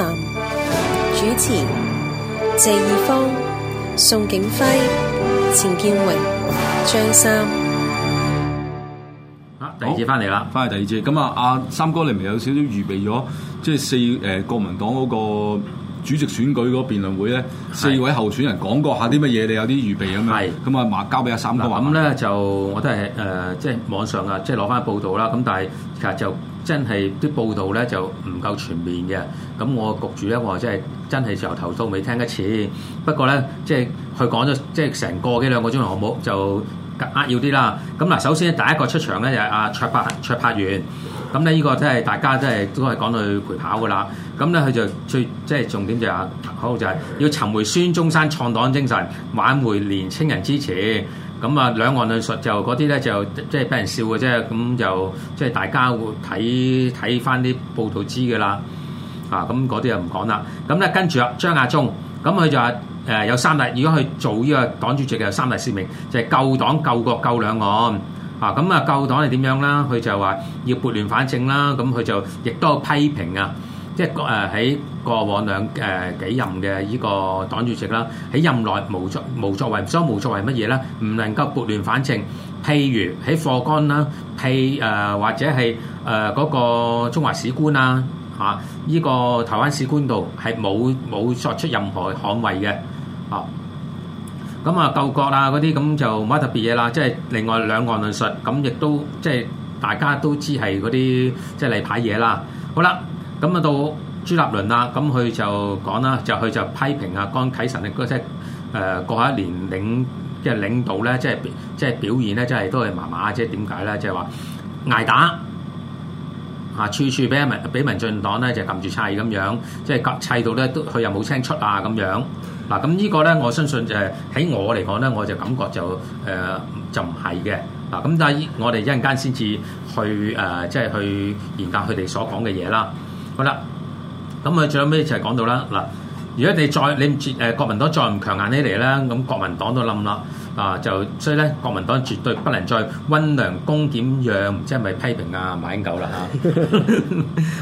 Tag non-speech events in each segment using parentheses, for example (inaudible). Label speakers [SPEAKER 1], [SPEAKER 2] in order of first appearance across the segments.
[SPEAKER 1] 主持謝意方、宋景輝、陳建榮、張三。啊，第二節翻嚟啦，翻去、哦、第二節。
[SPEAKER 2] 咁啊，阿三哥你咪有少少預備咗，即、就、係、是、四誒、呃、國民黨嗰個主席選舉嗰辯論會咧，是四位候選人講過下啲乜嘢，你有啲預備咁樣？係是，咁啊，
[SPEAKER 1] 交俾阿三哥話。咁咧就，我都係誒，即、呃、係、就是、網上啊，即係攞翻去報道啦。咁但係其實就。真係啲報道咧就唔夠全面嘅，咁我局住咧我真係真係由頭到尾未聽一次。不過咧，即係佢講咗即係成個幾兩個鐘頭冇就扼要啲啦。咁嗱，首先第一個出場咧就係阿、啊、卓、卓伯卓伯源，咁咧呢個真、就、係、是、大家都係都係講去陪跑噶啦。咁咧佢就最即係重點就係、啊、好就係、是、要尋回孫中山創黨精神，挽回年青人支持。咁啊，兩岸論述就嗰啲咧，就即係俾人笑嘅啫。咁就即係大家會睇睇翻啲報道知嘅啦。啊，咁嗰啲就唔講啦。咁咧跟住阿張亞中，咁佢就誒有三大，如果佢做呢個黨主席嘅有三大使命，就係救黨、救國、救兩岸。啊，咁啊，救黨係點樣啦？佢就話要撥亂反正啦。咁佢就亦都批評啊。即係誒喺過往兩誒幾任嘅呢個黨主席啦，喺任內無作無作為，所以無作為乜嘢咧？唔能夠撥亂反正。譬如喺課綱啦，譬誒或者係誒嗰個中華史觀啦，嚇呢個台灣史觀度係冇冇作出任何捍衞嘅，哦。咁啊，救國啊嗰啲咁就冇乜特別嘢啦。即係另外兩岸論述，咁亦都即係大家都知係嗰啲即係例牌嘢啦。好啦。咁啊到朱立倫啦，咁佢就講啦，就佢就批評啊江啟臣咧，即係誒過下一年領即係領導咧，即係即係表現咧，即係都係麻麻即係。點解咧？即係話挨打啊，處處俾民俾民進黨咧就撳住砌咁樣，即係急掣到咧都佢又冇聲出啊咁樣。嗱，咁呢個咧，我相信就係、是、喺我嚟講咧，我就感覺就誒、呃、就唔係嘅。嗱，咁但係我哋一陣間先至去誒，即、呃、係、就是、去研究佢哋所講嘅嘢啦。好啦，咁啊，最後屘就係講到啦嗱，如果你再你唔絕誒國民黨再唔強硬起嚟啦，咁國民黨都冧啦啊，就所以咧，國民黨絕對不能再温良恭儉讓，即係咪批評啊馬英九啦嚇？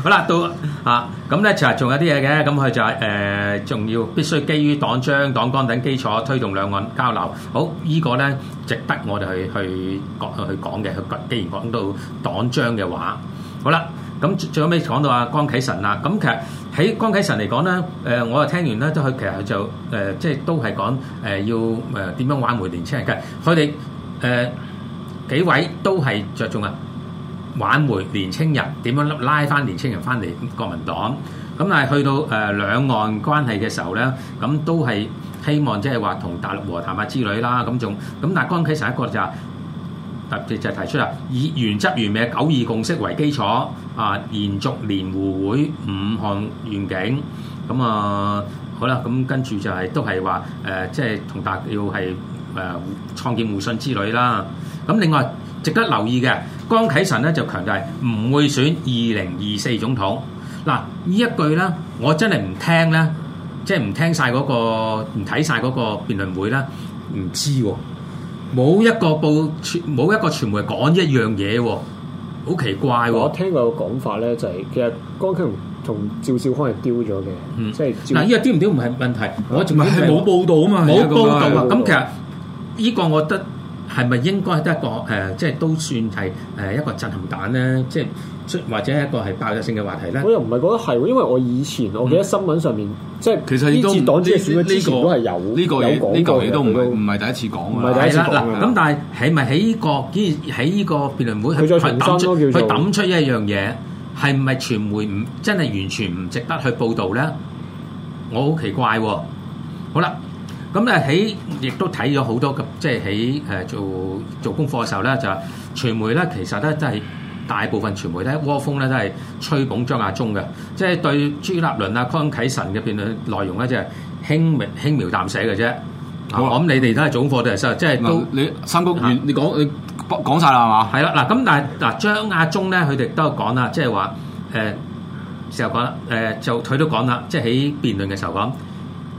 [SPEAKER 1] 好啦，到啊，咁咧就係仲有啲嘢嘅，咁佢就係誒，仲要必須基於黨章、黨綱等基礎推動兩岸交流。好，呢個咧值得我哋去去講去講嘅。佢既然講到黨章嘅話，好啦。咁最後尾講到啊江啟臣啦，咁其實喺江啟臣嚟講咧，誒我就聽完咧都佢其實佢就誒、呃、即係都係講誒要誒點樣挽回年輕人嘅，佢哋誒幾位都係着重啊挽回年輕人，點樣拉翻年輕人翻嚟國民黨，咁但係去到誒兩岸關係嘅時候咧，咁都係希望即係話同大陸和談啊之類啦，咁仲咁但係江啟臣一個就是。特別就提出啦，以原汁原味九二共識為基礎，啊，延續連胡會五項願景，咁、嗯、啊好啦，咁跟住就係、是、都係話誒，即係同達要係誒、呃、創建互信之旅啦。咁、嗯、另外值得留意嘅，江啟臣咧就強調唔會選二零二四總統。嗱，呢一句咧，我真係唔聽咧，即係唔聽晒嗰、那個，唔睇晒嗰個辯論會咧，唔知喎、啊。冇一個報，冇一個傳媒係講一樣嘢喎好奇怪喎我。我
[SPEAKER 3] 聽過個講法咧，就係、是，其實江啟臣同趙少康係丟咗嘅，嗯、即係嗱，依個
[SPEAKER 1] 丟唔丟唔係問題，我仲係冇報道啊嘛，冇報道啊，咁其實呢個我覺得。係咪應該得一個誒，即係都算係誒一個震撼彈咧？即係或者一個係爆炸性嘅話題咧？我又唔係覺得係喎，因為我以前我記得新聞上面即係其實都呢個都係有呢個呢嚿嘢都唔係
[SPEAKER 2] 唔係第一次講啊！唔係第一次講嘅啦。咁
[SPEAKER 1] 但係係咪喺呢個，喺呢個辯論會佢再延伸都叫做佢揼出一樣嘢係唔係傳媒唔真係完全唔值得去報導咧？我好奇怪喎！好啦。咁咧喺亦都睇咗好多，即係喺誒做做功課嘅時候咧，就是、傳媒咧其實咧都係大部分傳媒咧，窩風咧都係吹捧張亞中嘅，即係對朱立倫啊、江啟臣嘅辯論內容咧，即係輕描輕描淡寫嘅啫。好、啊，我諗你哋都係總課都係收，即係都你三谷、啊你，你講你講晒啦，係嘛？係啦，嗱咁，但係嗱張亞中咧，佢哋都講啦，即係話誒，時候講誒，就佢、是呃呃、都講啦，即係喺辯論嘅時候講。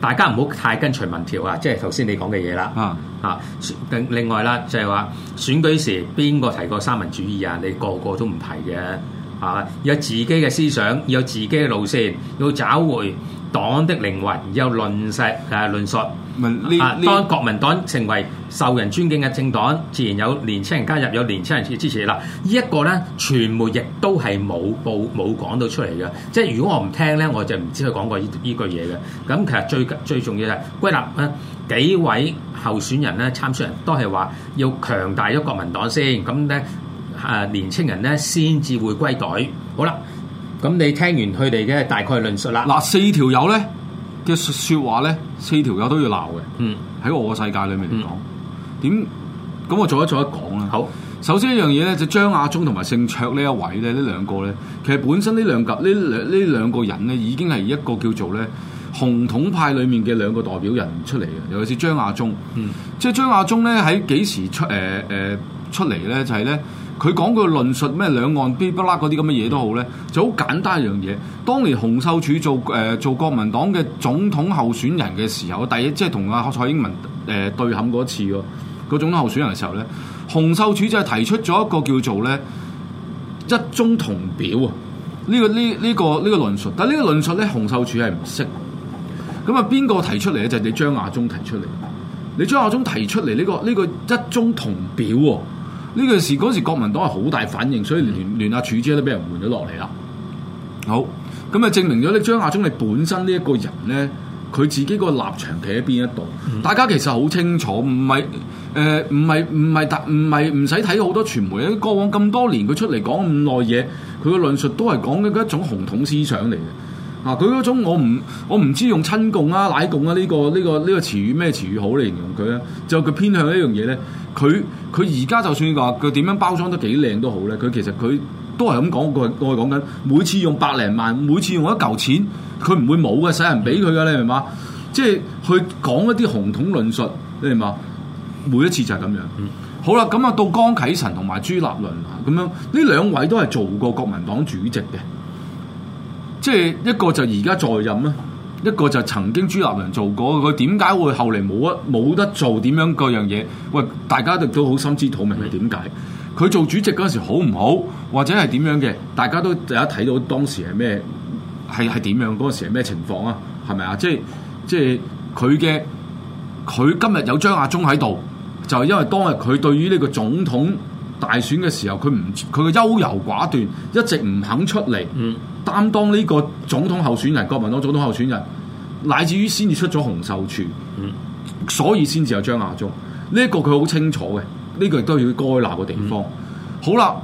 [SPEAKER 1] 大家唔好太跟隨民調啊、嗯、啊，即係頭先你講嘅嘢啦。另外啦，就係、係、話選舉時邊個提過三民主義啊？你個個都唔提嘅。啊！有自己嘅思想，有自己嘅路線，要找回黨的靈魂，有論述啊，論述、啊。當國民黨成為受人尊敬嘅政黨，自然有年青人加入，有年青人支持啦。呢、啊、一、這個呢，傳媒亦都係冇報冇講到出嚟嘅。即係如果我唔聽呢，我就唔知佢講過呢呢句嘢嘅。咁其實最最重要係歸納咧、啊，幾位候選人咧參選人都係話要強大咗國民黨先。咁咧。誒年青人咧，先至會歸隊。好啦，咁你聽完佢哋嘅大概論述啦。嗱四條友咧
[SPEAKER 2] 嘅説話咧，四條友都要鬧嘅。嗯，喺我個世界裏面嚟講，點咁、嗯、我做一做一講啦。好，首先一樣嘢咧，就是、張亞中同埋姓卓呢一位咧，呢兩個咧，其實本身呢兩嚿呢兩呢兩個人咧，已經係一個叫做咧紅統派裏面嘅兩個代表人出嚟嘅，尤其是張亞中，嗯，即係張亞中咧喺幾時出誒誒、呃呃、出嚟咧？就係咧。佢講佢論述咩兩岸 B 不拉嗰啲咁嘅嘢都好咧，就好簡單一樣嘢。當年洪秀柱做誒、呃、做國民黨嘅總統候選人嘅時候，第一即係同阿蔡英文誒、呃、對冚嗰次喎，嗰總統候選人嘅時候咧，洪秀柱就係提出咗一個叫做咧一,一中同表啊！呢、這個呢呢、這個呢、這個這個論述，但係呢個論述咧，洪秀柱係唔識。咁啊，邊個提出嚟咧？就係你張亞中提出嚟。你張亞中提出嚟呢、這個呢、這個一、這個這個這個這個、中同表喎。呢件事嗰時國民黨係好大反應，所以連連阿柱姐都俾人換咗落嚟啦。好，咁啊證明咗咧張亞中你本身呢一個人咧，佢自己個立場企喺邊一度，嗯、大家其實好清楚，唔係誒唔係唔係唔係唔使睇好多傳媒，過往咁多年佢出嚟講咁耐嘢，佢嘅論述都係講嘅一種紅統思想嚟嘅。嗱、啊，佢嗰種我唔我唔知用親共啊、奶共啊呢、呢個呢、呢個呢、呢個呢個詞語咩詞語好嚟形容佢咧，就佢偏向一樣嘢咧。佢佢而家就算話佢點樣包裝都幾靚都好咧，佢其實佢都係咁講，我我係講緊每次用百零萬，每次用一嚿錢，佢唔會冇嘅，使人俾佢嘅，你明嘛？即係去講一啲紅統論述，你明嘛？每一次就係咁樣。嗯、好啦，咁啊到江啟臣同埋朱立倫啊，咁樣，呢兩位都係做過國民黨主席嘅，即係一個就而家在任啦。一個就曾經朱立倫做過，佢點解會後嚟冇一冇得做？點樣嗰樣嘢？喂，大家都都好心知肚明係點解？佢做主席嗰陣時好唔好？或者係點樣嘅？大家都有一睇到當時係咩？係係點樣？嗰陣時係咩情況啊？係咪啊？即係即係佢嘅佢今日有張亞中喺度，就係因為當日佢對於呢個總統大選嘅時候，佢唔佢嘅優柔寡斷，一直唔肯出嚟。嗯擔當呢個總統候選人，國民黨總統候選人，乃至於先至出咗洪秀柱，嗯、所以先至有張亞中。呢、這、一個佢好清楚嘅，呢、這個亦都要該拿嘅地方。嗯、好啦，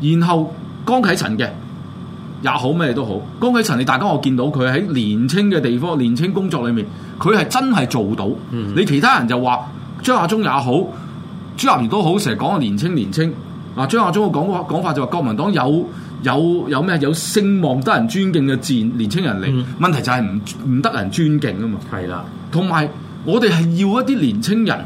[SPEAKER 2] 然後江啟臣嘅也好咩都好，江啟臣你大家我見到佢喺年青嘅地方，年青工作裏面，佢係真係做到。嗯、你其他人就話張亞中也好，朱立倫都好，成日講年青年青。嗱、啊，張亞中嘅講講法就話國民黨有。有有咩有聲望得人尊敬嘅戰年青人嚟，嗯、問題就係唔唔得人尊敬啊嘛。係啦的，同埋我哋係要一啲年青人，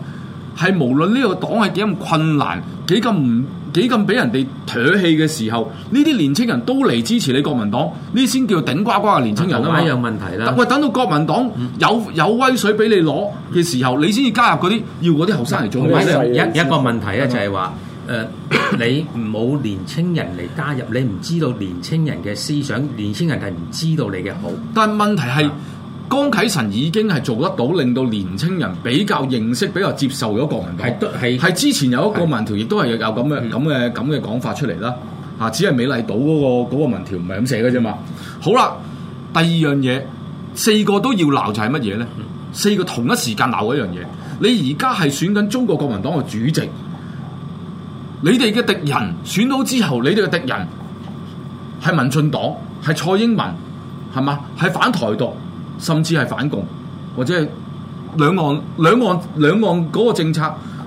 [SPEAKER 2] 係無論呢個黨係幾咁困難，幾咁唔幾咁俾人哋唾棄嘅時候，呢啲年青人都嚟支持你國民黨，呢先叫頂呱呱嘅年青人啊嘛。嗯、係咪有問題啦，喂，等到國民黨
[SPEAKER 1] 有有威水俾你攞嘅時候，嗯、你先至加入嗰啲要嗰啲後生嚟做。一一個問題咧、就係，就係話。嗯誒、呃，你冇年青人嚟加入，你唔知道年青人嘅思想，年青人係唔知道你嘅好。但問題係是江啟臣
[SPEAKER 2] 已經係做得到，令到年青人比較認識比較接受咗國民黨。係之前有一個民調，亦都係有咁嘅、咁嘅是、咁嘅講法出嚟啦。吓只係美麗島嗰個嗰、嗰個民調唔係咁寫嘅啫嘛。好啦，第二樣嘢，四個都要鬧就係乜嘢咧？嗯、四個同一時間鬧一樣嘢。你而家係選緊中，中國國民黨嘅主席。你哋嘅敵人選到之後，你哋嘅敵人係民進黨，係蔡英文，係嘛？係反台獨，甚至係反共，或者係兩岸兩岸兩岸嗰個政策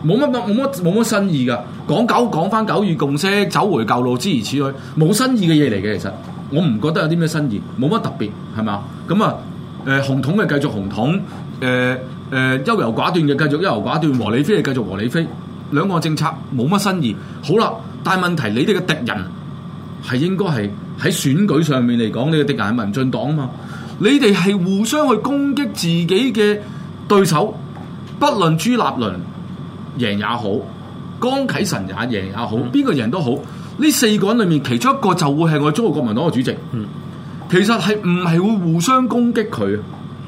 [SPEAKER 2] 冇乜乜冇乜冇乜新意噶，講九講返九二共識，走回舊路諸如此類，冇新意嘅嘢嚟嘅。其實我唔覺得有啲咩新意，冇乜特別，係嘛？咁啊，誒、呃，紅統嘅繼續紅統，誒、呃、誒，優、呃、柔寡斷嘅繼續優柔寡斷，和理非繼續和理非。兩個政策冇乜新意，好啦，但係問題你哋嘅敵人係應該係喺選舉上面嚟講，你嘅敵人係民進黨啊嘛，你哋係互相去攻擊自己嘅對手，不論朱立倫贏也好，江啟臣也贏也好，邊個贏都好，呢、嗯、四個人裏面其中一個就會係我中國國民黨嘅主席。嗯，其實係唔係會互相攻擊佢，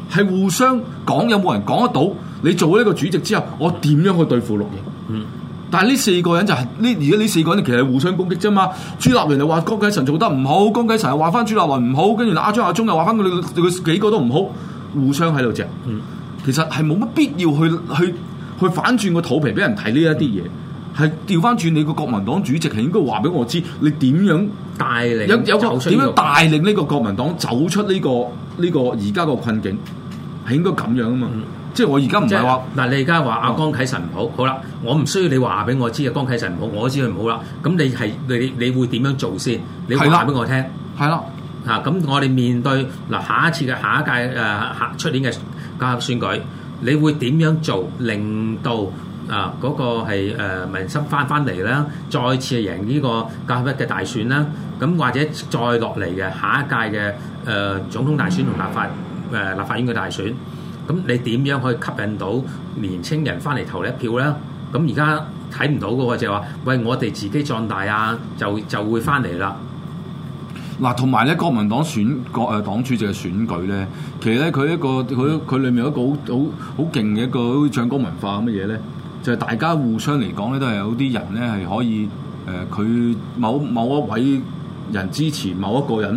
[SPEAKER 2] 係互相講有冇人講得到？你做咗呢個主席之後，我點樣去對付綠營？嗯，但係呢四個人就係，呢而家呢四個人其實係互相攻擊啫嘛。朱立倫就話江啟臣做得唔好，江啟臣又話翻朱立倫唔好，跟住阿張亞中又話翻佢哋佢幾個都唔好，互相喺度嚼。嗯，其實係冇乜必要去去去反轉個肚皮俾人睇呢一啲嘢，係調翻轉你個國民黨主席係應該話俾我知，你點樣帶領，有有個點樣帶領呢個國民黨走出呢個呢個而家個困境。係
[SPEAKER 1] 應該咁樣啊嘛！即係我而家唔係話嗱，你而家話阿江啟臣唔好，哦、好啦，我唔需要你話俾我知啊，江啟臣唔好，我知佢唔好啦。咁你係你你，你會點樣做先？你會話俾我聽？係囉，嚇！咁、啊、我哋面對嗱下一次嘅下一屆誒出、啊、年嘅九合一選舉，你會點樣做，令到啊嗰、嗰個係、呃、民心返返嚟啦，再次贏呢個九合一嘅大選啦？咁、啊、或者再落嚟嘅下一屆嘅誒、啊、總統大選同立法？嗯誒立法院嘅大選，咁你點樣可以吸引到年青人翻嚟投你一票咧？咁而家睇唔到嘅喎，就係、是、話，喂，我哋自己壯大啊，就就會翻嚟啦。
[SPEAKER 2] 嗱，同埋咧，國民黨選國誒黨主席嘅選舉咧，其實咧，佢一個佢佢裡面一個好好好勁嘅一個好似唱歌文化咁乜嘢咧，就係、是、大家互相嚟講咧，都係有啲人咧係可以誒，佢、呃、某某一位。人支持某一個人，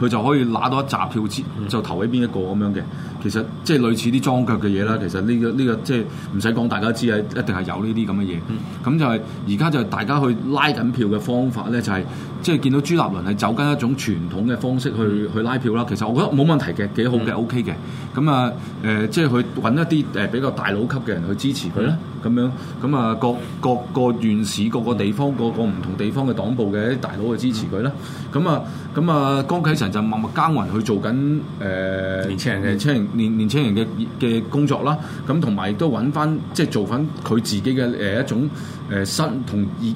[SPEAKER 2] 佢、嗯、就可以拿到一紮票，嗯、就投喺邊一個咁樣嘅。其實即係類似啲裝腳嘅嘢啦。其實呢、呢個呢、呢個即係唔使講，大家知啊，一定係有呢啲咁嘅嘢。咁、嗯、就係而家就係大家去拉緊票嘅方法咧，就係、是、即係見到朱立倫係走緊一種傳統嘅方式去、嗯、去拉票啦。其實我覺得冇問題嘅，幾好嘅、嗯、OK 嘅。咁啊誒，即係去揾一啲誒比較大佬級嘅人去支持佢啦。嗯咁樣，咁啊各各個縣市、各個地方、各個唔同地方嘅黨部嘅大佬去支持佢啦。咁啊、嗯，咁啊，江啟臣就默默耕耘去做緊誒、呃、年輕人嘅年輕人嘅嘅工作啦。咁同埋亦都揾翻即係做翻佢自己嘅誒一種誒、呃、新同以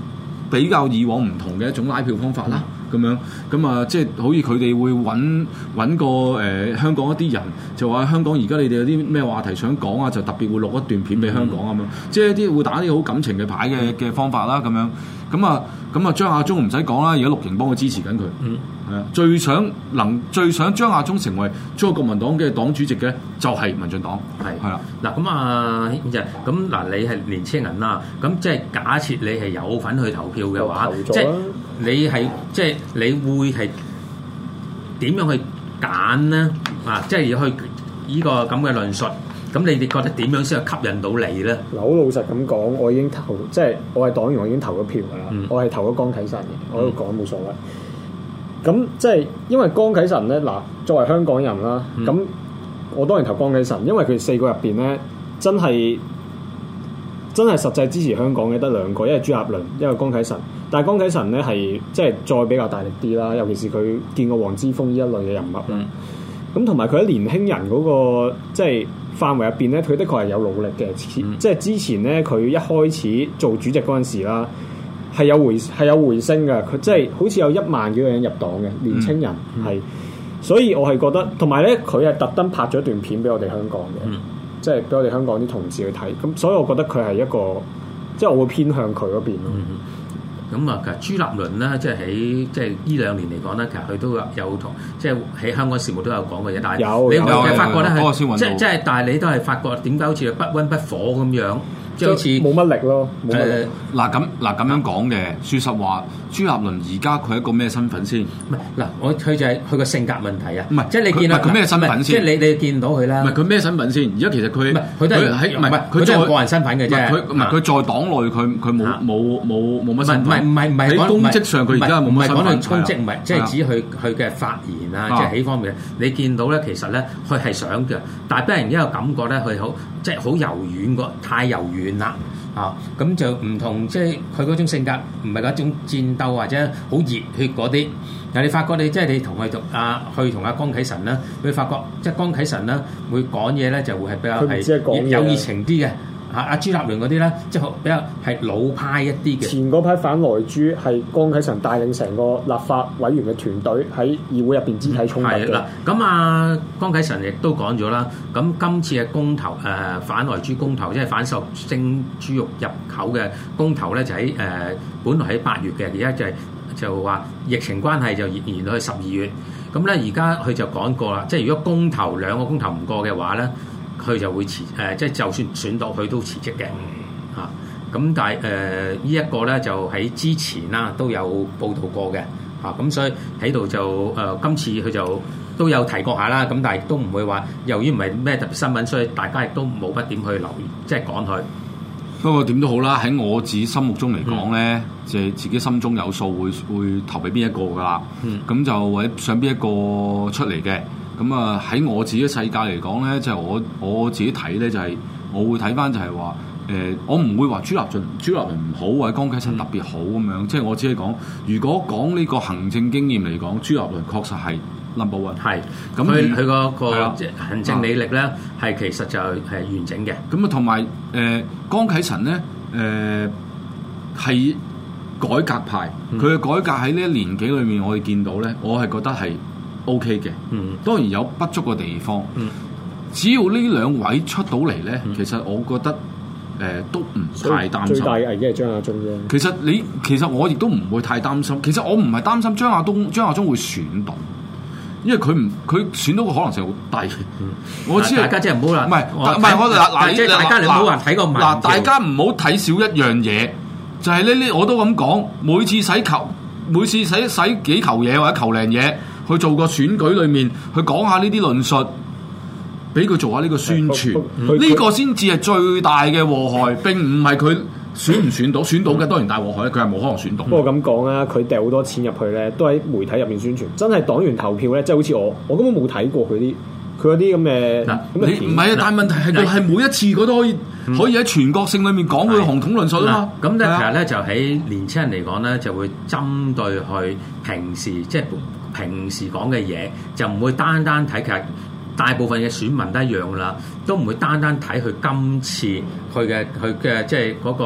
[SPEAKER 2] 比較以往唔同嘅一種拉票方法啦。嗯咁樣，咁啊，即係好似佢哋會揾揾個誒、呃、香港一啲人，就話香港而家你哋有啲咩話題想講啊，就特別會錄一段片俾香港咁樣，即係一啲會打啲好感情嘅牌嘅嘅方法啦，咁樣，咁啊，咁啊張亞中唔使講啦，而家陸廷幫佢支持緊佢，嗯，誒，最想能最想張亞中成為中國國民黨嘅黨主席嘅就係民
[SPEAKER 1] 進黨，係係啦，嗱咁啊，咁嗱、啊、你係年青人啦、啊，咁即係假設你係有份去投票嘅話，即係。就係你係即係你會係點樣去揀呢？啊，即係要去呢個咁嘅論述，咁你哋覺得點樣先係吸引到你咧？嗱，
[SPEAKER 3] 好老實咁講，我已經投即係我係黨員，我已經投咗票噶啦。嗯、我係投咗江啟臣嘅，嗯、我都講冇所謂。咁即係因為江啟臣咧，嗱作為香港人啦，咁、嗯、我當然投江啟臣，因為佢四個入邊咧真係。真係實際支持香港嘅得兩個，一係朱立倫，一係江啟臣。但係江啟臣咧係即係再比較大力啲啦，尤其是佢見過黃之鋒呢一類嘅、嗯、人物、那個。咁同埋佢喺年輕人嗰個即係範圍入邊咧，佢的確係有努力嘅。嗯、即係之前咧，佢一開始做主席嗰陣時啦，係有回係有回升嘅。佢即係好似有一萬幾個人入黨嘅，年輕人係、嗯嗯。所以我係覺得，同埋咧，佢係特登拍咗一段片俾我哋香港嘅。嗯即係俾我哋香港啲同事去睇，咁所以我覺得佢係一個，即係我會偏向佢嗰邊咯。
[SPEAKER 1] 咁啊、嗯嗯，其實朱立倫咧，即係喺即係呢兩年嚟講咧，其實佢都有同，即係喺香港事務都有講過嘢。但係你會發覺咧，即係即係，但係你都係發覺點解好似佢不溫不火咁樣？好似
[SPEAKER 3] 冇乜力咯，
[SPEAKER 1] 冇
[SPEAKER 2] 乜力。誒，嗱咁，嗱咁樣講嘅，說實話，朱立倫而家佢係一個咩身份先？唔係
[SPEAKER 1] 嗱，我佢就係佢個性格問題啊。唔係即係你見到佢咩身份先？即係你你見到佢啦。唔係佢咩身份先？而家其實佢唔係佢都係喺唔佢都係個人身份嘅啫。佢唔係佢
[SPEAKER 2] 在黨內佢佢冇冇冇冇乜身份。唔係唔係，喺公職上佢而家冇乜身份啊。唔係講佢公職，唔係即係指
[SPEAKER 1] 佢佢嘅發言啊，即係呢方面。你見到咧，其實咧佢係想嘅，但係俾人一個感覺咧，佢好即係好柔軟個，太柔軟。啦啊、嗯！咁就唔同，即係佢嗰種性格，唔係嗰種戰鬥或者好熱血嗰啲。但係你發覺你，即你即係你同佢同啊，去同阿江啟臣啦，會發覺即係江啟臣啦，會講嘢咧就會係比較係有熱情啲嘅。嚇！阿、啊啊、朱立倫嗰啲咧，即係比較係老派一啲嘅。前嗰
[SPEAKER 3] 批反萊豬係江啟臣帶領成個立法委員嘅團隊，喺議會入邊肢體衝突嘅。
[SPEAKER 1] 咁、嗯、啊，江啟臣亦都講咗啦。咁今次嘅公投誒、呃、反萊豬公投，即係反瘦肉精豬肉入口嘅公投咧，就喺誒、呃、本來喺八月嘅，而家就係、是、就話疫情關係就延延到去十二月。咁咧，而家佢就講過啦。即係如果公投兩個公投唔過嘅話咧，佢就會辭誒、呃，即係就算選到佢都辭職嘅嚇。咁、啊、但係誒，依、呃、一個咧就喺之前啦、啊、都有報道過嘅嚇。咁、啊、所以喺度就誒、呃，今次佢就都有提過下啦。咁但係都唔會話，由於唔係咩特別新聞，所以大家亦都冇乜點去留意，即係講佢。不過點都好啦，喺我自己心
[SPEAKER 2] 目中嚟講咧，嗯、就係自己心中有數，會會投俾邊一個噶啦。咁、嗯、就或者想邊一個出嚟嘅。咁啊，喺、嗯、我自己嘅世界嚟講咧，即、就、係、是、我我自己睇咧、就是，就係我會睇翻，就是，就係話誒我唔會話朱立倫、朱立倫唔好，或者江啟臣特別好咁、嗯、樣，即係我只係講，如果講呢個行政經驗嚟講，朱立
[SPEAKER 1] 倫確實係 number one，係咁佢佢個個行政履歷咧，係、啊、其實就係完整嘅。咁啊、嗯，同埋誒江啟臣咧，誒、呃、
[SPEAKER 2] 係改革派，佢嘅改革喺呢一年紀裏面，我哋見到咧，我係覺得係。O K 嘅，當然有不足嘅地方。Mm. 只要呢兩位出到嚟咧，mm. 其實我覺得誒、呃、都唔太擔心。最大嘅
[SPEAKER 3] 危機係張亞中
[SPEAKER 2] 啫。其實你其實我亦都唔會太擔心。其實我唔係擔心張亞東張亞中會選到，因為佢唔佢選到嘅可能性好低。Mm. 我知、啊、大家即係唔好話唔係唔係我嗱即係大家唔好話睇個嗱，大家唔好睇少一樣嘢，就係呢啲我都咁講，每次使球，每次使使幾球嘢或者球靚嘢。去做個選舉裏面，去講下呢啲論述，俾佢做下呢個宣傳，呢個先至係最大嘅禍害。並唔係佢選唔選到，選到嘅當然大禍害，佢係冇可能選到。不
[SPEAKER 3] 過咁講啦，佢掉好多錢入去咧，都喺媒體入面宣傳。真係黨員投票咧，即係好似我，我根本冇睇過佢啲，佢嗰啲咁嘅。嗱，你唔係啊？
[SPEAKER 2] 但
[SPEAKER 1] 係問題係佢係每一次佢都可以可以喺全國性裏面講佢嘅紅統論述啊嘛。咁咧，其實咧就喺年輕人嚟講咧，就會針對去平時即係。平時講嘅嘢就唔會單單睇，其實大部分嘅選民都一樣啦，都唔會單單睇佢今次佢嘅佢嘅即係嗰個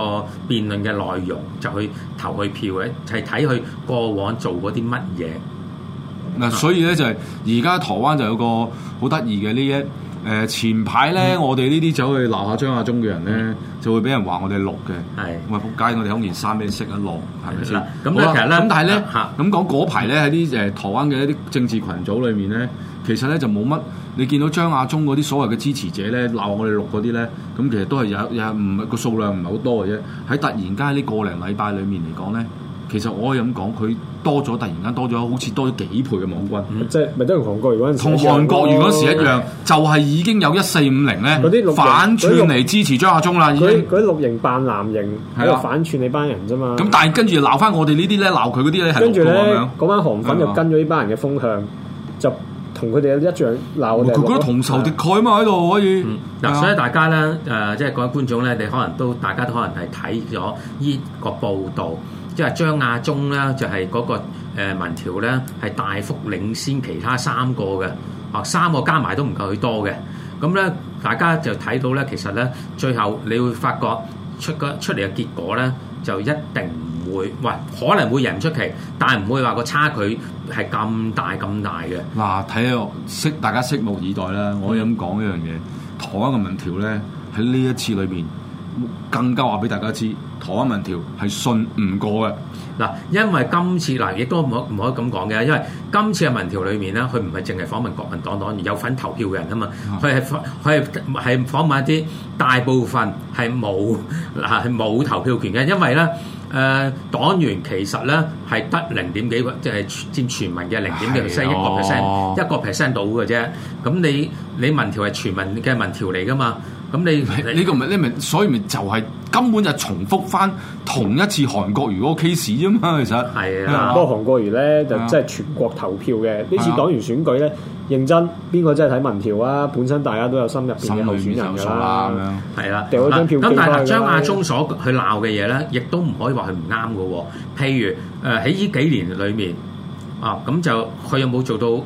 [SPEAKER 1] 辯論嘅內容就去投佢票嘅，係睇佢過往做過啲乜嘢。
[SPEAKER 2] 嗱、啊，所以咧就係而家台灣就有個好得意嘅呢一。誒前排咧，嗯、我哋呢啲走去鬧下張亞中嘅人咧，嗯、就會俾人話我哋綠嘅。係的，喂我話撲街，我哋穿件衫咩色一落，係咪先？咁吧其實咧，咁但係咧，咁講嗰排咧喺啲誒台灣嘅一啲政治群組裏面咧，其實咧就冇乜。你見到張亞中嗰啲所謂嘅支持者咧鬧我哋綠嗰啲咧，咁其實都係有有唔係個數量唔係好多嘅啫。喺突然間個呢個零禮拜裏面嚟講咧，其實我可以咁講佢。多咗，突然間多咗，好似多咗幾倍嘅網軍。即係咪都同韓國瑜嗰陣時，同韓國瑜嗰陣時一樣，就係已經有一四五零
[SPEAKER 3] 咧反串嚟支持張亞中啦。已經嗰啲綠營扮藍營，喺度反串你班人啫嘛。咁
[SPEAKER 2] 但係跟住鬧翻我哋呢啲咧，鬧佢嗰啲咧係綠嘅咁樣。嗰
[SPEAKER 3] 班韓粉就跟咗呢班人嘅風向，就同佢哋一樣鬧。佢嗰個同仇敵
[SPEAKER 1] 愾嘛喺度可以。嗱，所以大家咧誒，即係各位觀眾咧，你可能都大家都可能係睇咗呢個報導。即係張亞中咧，就係嗰個誒民調咧，係大幅領先其他三個嘅，哦三個加埋都唔夠佢多嘅。咁咧，大家就睇到咧，其實咧，最後你會發覺出個出嚟嘅結果咧，就一定唔會。喂，可能會有人出奇，但係唔會話個差距係咁大咁大嘅。嗱，睇下識大家拭目以待啦。我可以咁講一樣嘢，同
[SPEAKER 2] 一個民調咧，喺呢一次裏邊。更加話俾大家知，台灣民調係
[SPEAKER 1] 信唔過嘅。嗱、啊，因為今次嗱，亦都唔可唔可以咁講嘅，因為今次嘅民調裏面啦，佢唔係淨係訪問國民黨黨員有份投票嘅人啊嘛，佢係佢係係訪問一啲大部分係冇嗱係冇投票權嘅，因為咧誒、呃、黨員其實咧係得零點幾個即係佔全民嘅零點幾，即係一個 percent 一個 percent 到嘅啫。咁你你民調係全民嘅民調嚟噶嘛？咁你呢個咪呢咪，所以咪就係根本就重複翻同
[SPEAKER 2] 一次韓國瑜嗰個 case 啫嘛，其實係啊，不過、啊、韓
[SPEAKER 3] 國瑜咧就即係全國投票嘅呢、啊、次黨員選舉咧，認真邊個真係睇民調啊？本身大家都有心入邊嘅候選人
[SPEAKER 1] 啦，係啦、啊，咁但係張亞中所佢鬧嘅嘢咧，亦都唔可以話佢唔啱嘅喎。譬如誒喺呢幾年裏面啊，咁就佢有冇做到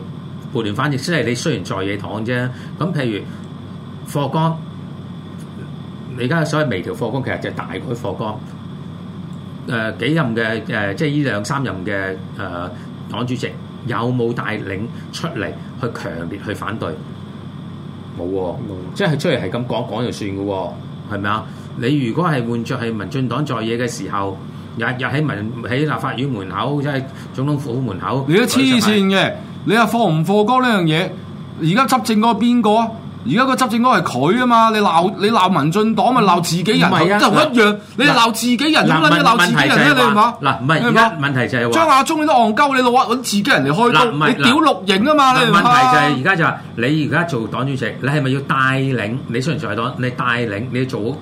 [SPEAKER 1] 互聯反應？即、就、係、是、你雖然在野黨啫，咁譬如霍江。你而家所謂微調課綱，其實就係大改課綱。誒、呃、幾任嘅誒、呃，即係呢兩三任嘅誒、呃、黨主席，有冇帶領出嚟去強烈去反對？冇喎、哦，嗯、即係出嚟係咁講講就算嘅喎、哦，係咪啊？你如果係換着係民進黨在野嘅時候，日日喺民喺立法院門口，即係總統府門口，你都黐線嘅。
[SPEAKER 2] 你話課唔課綱呢樣嘢，而家執政嗰個邊個啊？而家個執政黨係佢啊嘛，你鬧你鬧民進黨咪鬧自己人，嗯啊、就一樣。啊、你鬧自己人，點解、啊、要鬧自己人咧？你係嗱，唔係而家
[SPEAKER 1] 問題就係話張亞
[SPEAKER 2] 中你都戇鳩，你老屈揾自己人嚟開刀，啊啊啊啊啊、你屌錄影啊嘛？啊啊啊你係咪問題就係而家
[SPEAKER 1] 就係、是、你而家做黨主席，你係咪要帶領你雖然在黨，你帶領你做。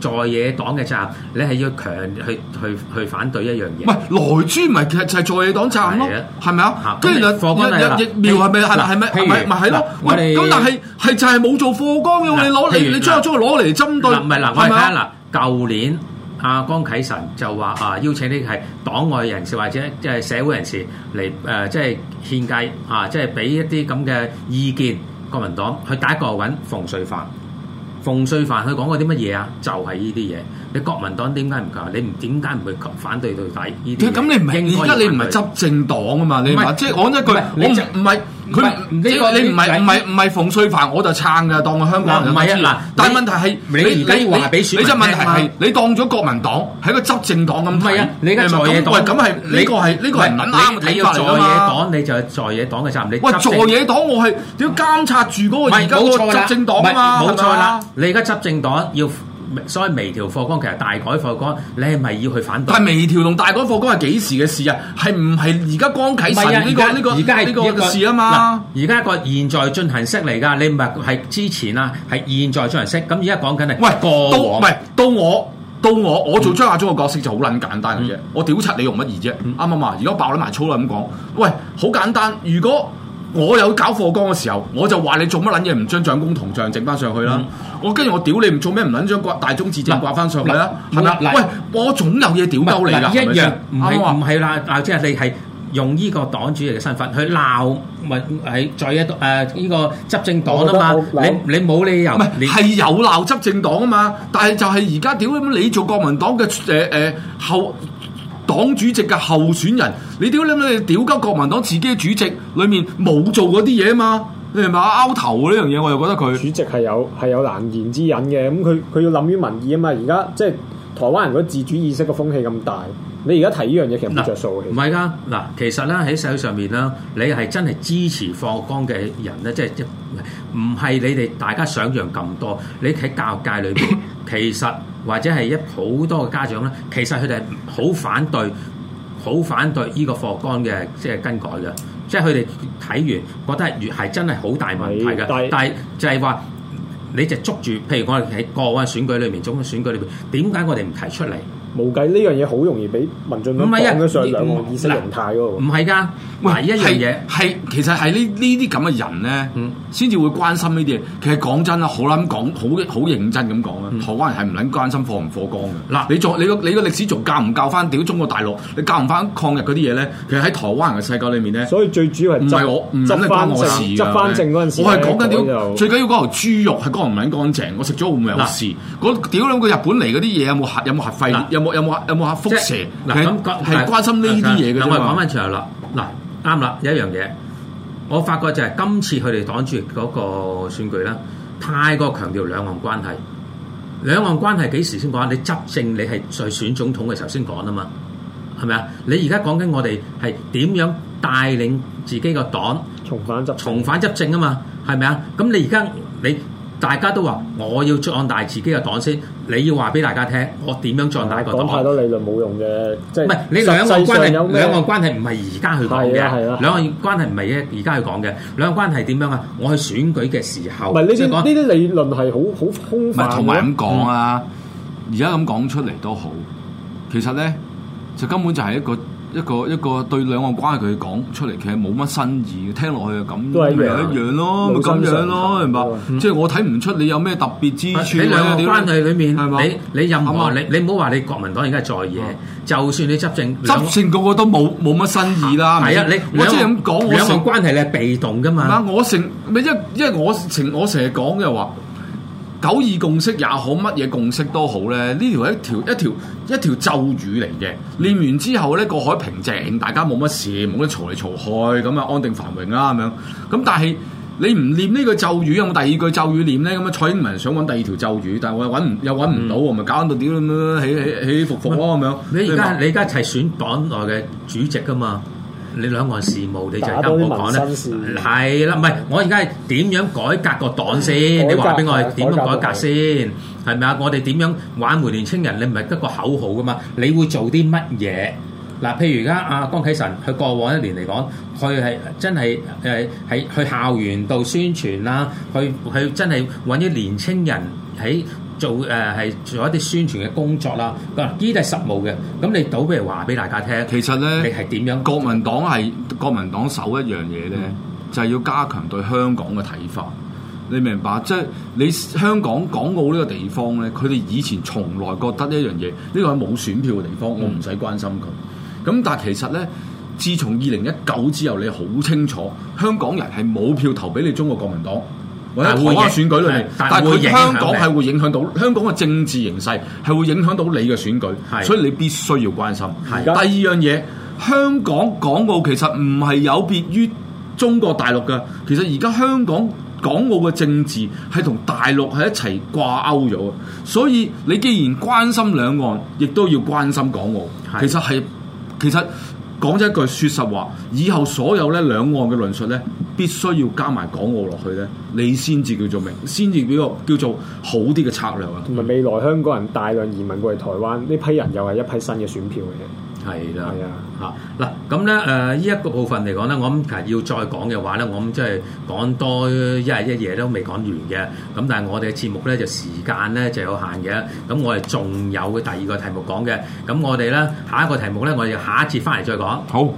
[SPEAKER 1] 在野黨嘅責任，你係要強去去去反對一樣嘢。唔係，
[SPEAKER 2] 來之唔係其實就係在野黨責任咯，係咪啊？跟住放光疫苗係咪係咪係咪咪係咯？咁但係
[SPEAKER 1] 係就係冇做課綱用喎，你攞你你將將攞嚟針對。唔係嗱，我哋睇下嗱，舊年阿江啟臣就話啊，邀請啲係黨外人士或者即係社會人士嚟誒，即係獻計啊，即係俾一啲咁嘅意見，國民黨去第一個揾馮瑞凡共罪犯，佢講過啲乜嘢啊？就係呢啲嘢。你國民黨點解唔夠？你唔點解唔去反對，對？到底呢啲？咁你唔係而家你唔係執
[SPEAKER 2] 政黨啊嘛？是你唔係即係講一句，我唔係。佢呢個你唔係唔係唔係馮煖凡我就撐嘅當我香港人。唔係啊，嗱，但係問題係你而家要話俾選民聽，你只問題係你當咗國民黨係個執政黨咁。
[SPEAKER 1] 唔係啊，你而家在野黨，唔係咁係你個係呢個係唔啱嘅睇法，你做嘢黨，你就做野黨嘅責任。喂，做野
[SPEAKER 2] 黨我係你要監察住嗰個。而家我執政黨啊嘛。冇錯啦，
[SPEAKER 1] 你而家執政黨要。所謂微調課綱其實大改課綱，你係咪要去反對？但係微調同大改課綱係幾時嘅事啊？係唔係而家剛啟辰呢、啊這個呢在、這個而家係呢個事啊嘛？而家一個現在進行式嚟㗎，你唔係係之前啦、啊，係現在進行式。咁而家講緊係，喂，到唔係，到我，到我，我做張亞中嘅角色就好撚
[SPEAKER 2] 簡單嘅啫，嗯嗯、我屌柒你用乜嘢啫？啱啱啊？如果爆咗埋粗啦咁講，喂，好簡單，如果。我有搞課綱嘅時候，我就話你做乜撚嘢唔將蔣公銅像整翻上去啦！
[SPEAKER 1] 我跟住我屌你唔做咩唔撚將大中至正掛翻上去啦？係咪？喂，我總有嘢屌鳩你啦，係咪先？唔係唔係啦！即係你係用呢個黨主席嘅身份去鬧，咪喺再一度呢呢個執政黨啊嘛？你你冇理由
[SPEAKER 2] 係有鬧執政黨啊嘛？但係就係而家屌你做國民黨嘅誒誒後。黨主席嘅候選人，你屌，你你屌鳩國民黨自己主席裏面冇做嗰啲嘢啊嘛？你係咪啊拗頭啊呢樣嘢？我又覺得佢主席係有係有難
[SPEAKER 3] 言之隱嘅。咁佢佢要諗於民意啊嘛。而家即係台灣人個自主意識嘅風氣咁
[SPEAKER 1] 大，你而家提呢樣嘢其實唔着數嘅。唔係㗎嗱，其實咧喺社會上面咧，你係真係支持放光嘅人咧，即係唔係唔係你哋大家想象咁多。你喺教育界裏面 (laughs) 其實。或者係一好多嘅家長咧，其實佢哋係好反對、好反對呢個課綱嘅，即係更改嘅，即係佢哋睇完覺得係越係真係好大問題嘅。但係就係話，你就捉住，譬如我哋喺個案選舉裏面，總統選舉裏面，點解我哋唔提出嚟？
[SPEAKER 3] 冇計呢樣嘢好容易俾民進黨講咗
[SPEAKER 1] 上兩個意識形態嗰個。唔係㗎，係一樣嘢，係
[SPEAKER 2] 其實係呢呢啲咁嘅人咧，先至會關心呢啲嘢。其實講真啦，好諗講，好好認真咁講啦，台灣人係唔撚關心放唔放光嘅。嗱，你你個你個歷史仲教唔教翻？屌中國大陸，你教唔翻抗日嗰啲嘢咧？其實喺台灣人嘅世界裡面咧，
[SPEAKER 3] 所以最主要唔係我執翻我事，執翻正嗰陣時，我係講緊屌
[SPEAKER 2] 最緊要嗰頭豬肉係乾唔撚乾淨，我食咗會唔會有事？嗰屌兩個日本嚟嗰啲嘢有冇有冇核廢？有冇有冇核輻射？
[SPEAKER 1] 嗱，咁係關心呢啲嘢嘅，我哋揾翻轉頭啦。嗱， (laughs) 啱啦，有一樣嘢，我發覺就係今次佢哋黨主席嗰個選舉啦，太過強調兩岸關係。兩岸關係幾時先講？你執政你係在選總統嘅時候先講啊嘛，係咪啊？你而家講緊我哋係點樣帶領自己個黨，重返執重返執政啊嘛，係咪啊？咁你而家你。大家都話我要壯大自己嘅黨先，你要話俾大家聽，我點樣壯大個黨？講太多
[SPEAKER 3] 理論冇用
[SPEAKER 1] 嘅，
[SPEAKER 3] 即係唔係？你兩岸關係，兩岸
[SPEAKER 1] 關係唔、啊啊、係而家去講嘅，係啦係啦，兩岸關係唔係一而家去講嘅，兩岸關係點樣啊？我去選舉嘅時候，唔係呢啲
[SPEAKER 3] 呢啲理論係好好空泛嘅，唔係同埋咁講
[SPEAKER 1] 啊！而家咁講出嚟都好，其實咧
[SPEAKER 2] 就根本就係一個。一個一個對兩岸關係佢講出嚟，其實冇乜新意，聽落去又咁樣一樣咯，咪咁樣咯，明嘛？即係我睇唔出你有咩特
[SPEAKER 1] 別之處。喺兩岸關係裏面，你你任何你你唔好話你國民黨而家係在野，就算你執政，執政個個都冇冇乜新意啦。係啊，你我即係咁講，兩岸關
[SPEAKER 2] 係你係被動噶嘛？嗱，我成咪一因為我成我成日講嘅話。九二共識也好，乜嘢共識都好咧，呢條係一條一條一條咒語嚟嘅。念、嗯、完之後咧，個海平靜，大家冇乜事，冇得嘈嚟嘈去，咁啊安定繁榮啦咁樣。咁但係你唔念呢個咒語，有冇第二句咒語念咧，咁啊蔡英文想揾第二條咒語，但係揾唔又揾唔到，咪、嗯、搞到點起起起伏伏咯、啊、咁樣。嗯、你而家你
[SPEAKER 1] 而家一齊選黨內嘅主席噶嘛？你兩岸事務你就係咁講咧？係啦，唔係我而家係點樣改革個黨先？你話俾我係點樣改革先？係咪啊？我哋點樣挽回年青人？你唔係得個口號噶嘛？你會做啲乜嘢？嗱，譬如而家阿江啟臣，佢過往一年嚟講，佢係真係誒喺去校園度宣傳啦，去去真係搵啲年青人喺。做誒係、呃、做一啲宣傳嘅工作啦，嗱呢啲係實務嘅，咁你倒不如話俾大家聽，其實咧你係點樣國？國民黨係國民黨首一樣嘢
[SPEAKER 2] 咧，嗯、就係要加強對香港嘅睇法。你明白？即、就、係、是、你香港、港澳呢個地方咧，佢哋以前從來覺得一樣嘢，呢個係冇選票嘅地方，我唔使關心佢。咁、嗯、但係其實咧，自從二零一九之後，你好清楚香港人係冇票投俾你中國國民黨。喺或者選舉裏面，但係佢香港係會影響到香港嘅政治形勢，係會影響到你嘅選舉，的所以你必須要關心。的第二樣嘢，香港港澳其實唔係有別於中國大陸嘅，其實而家香港港澳嘅政治係同大陸係一齊掛鈎咗，所以你既然關心兩岸，亦都要關心港澳。其實係的其實。講咗一句，説實話，以後所有咧兩岸嘅論述咧，必須要加埋港澳落去咧，你先至叫做明，先至叫叫做好啲嘅策略啊。同埋未來香港人大量移民過嚟台灣，呢批人又係一批新嘅選
[SPEAKER 3] 票
[SPEAKER 1] 嘅。係啦，係的啊，嚇嗱咁咧誒，依、呃、一、呢個部分嚟講咧，我諗其實要再講嘅話咧，我諗即係講多一日一夜都未講完嘅，咁但係我哋嘅節目咧就時間咧就有限嘅，咁我哋仲有第二個題目講嘅，咁我哋咧下一個題目咧，我哋下一次翻嚟再講。好。